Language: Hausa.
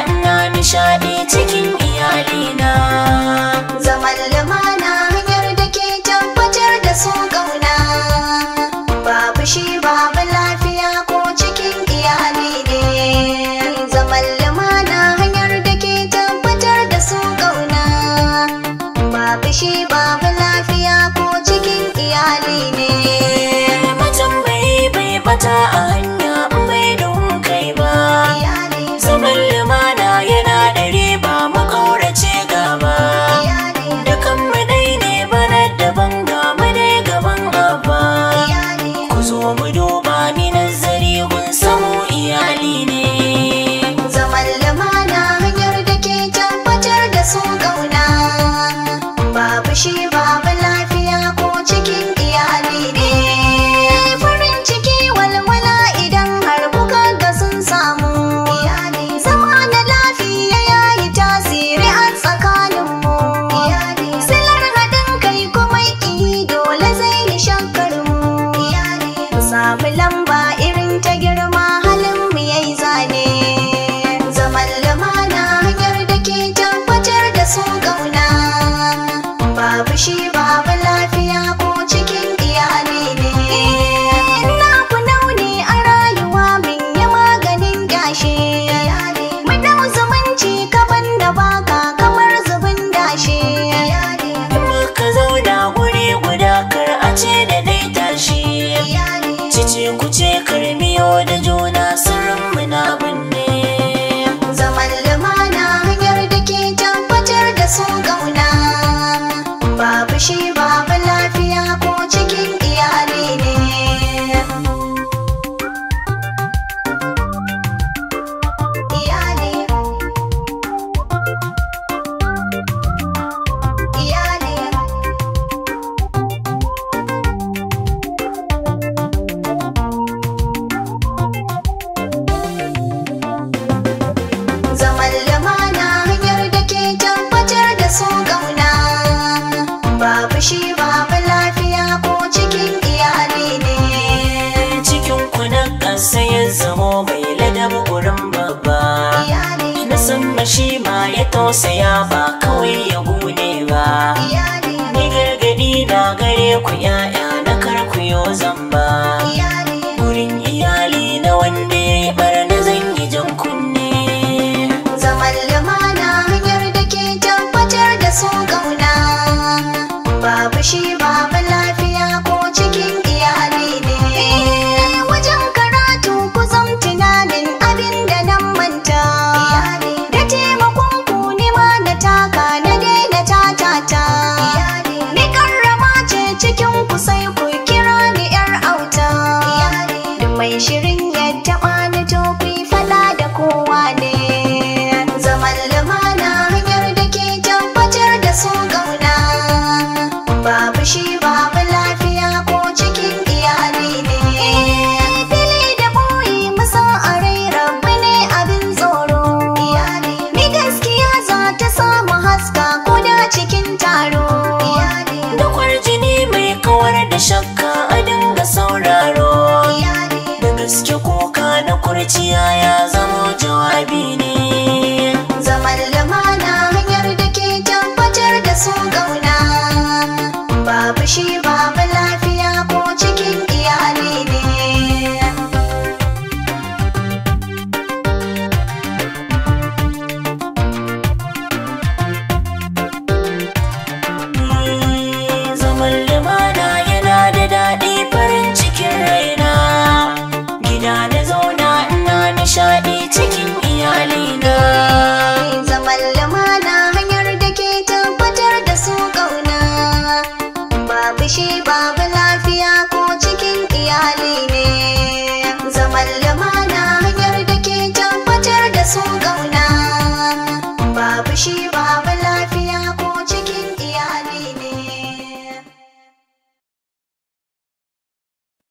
ina nishadi cikin iyalina zaman lamana hanyar da ke tabbatar da su ƙauna babu shi babu lafiya ko cikin iyali ne zaman lamana hanyar da ke tabbatar da su ƙauna babu shi babu lafiya ko cikin iyali ne tausaya ba kawai ya gune ba ni gargadi na gare ku 'ya'ya na karku yo zama She. shi baba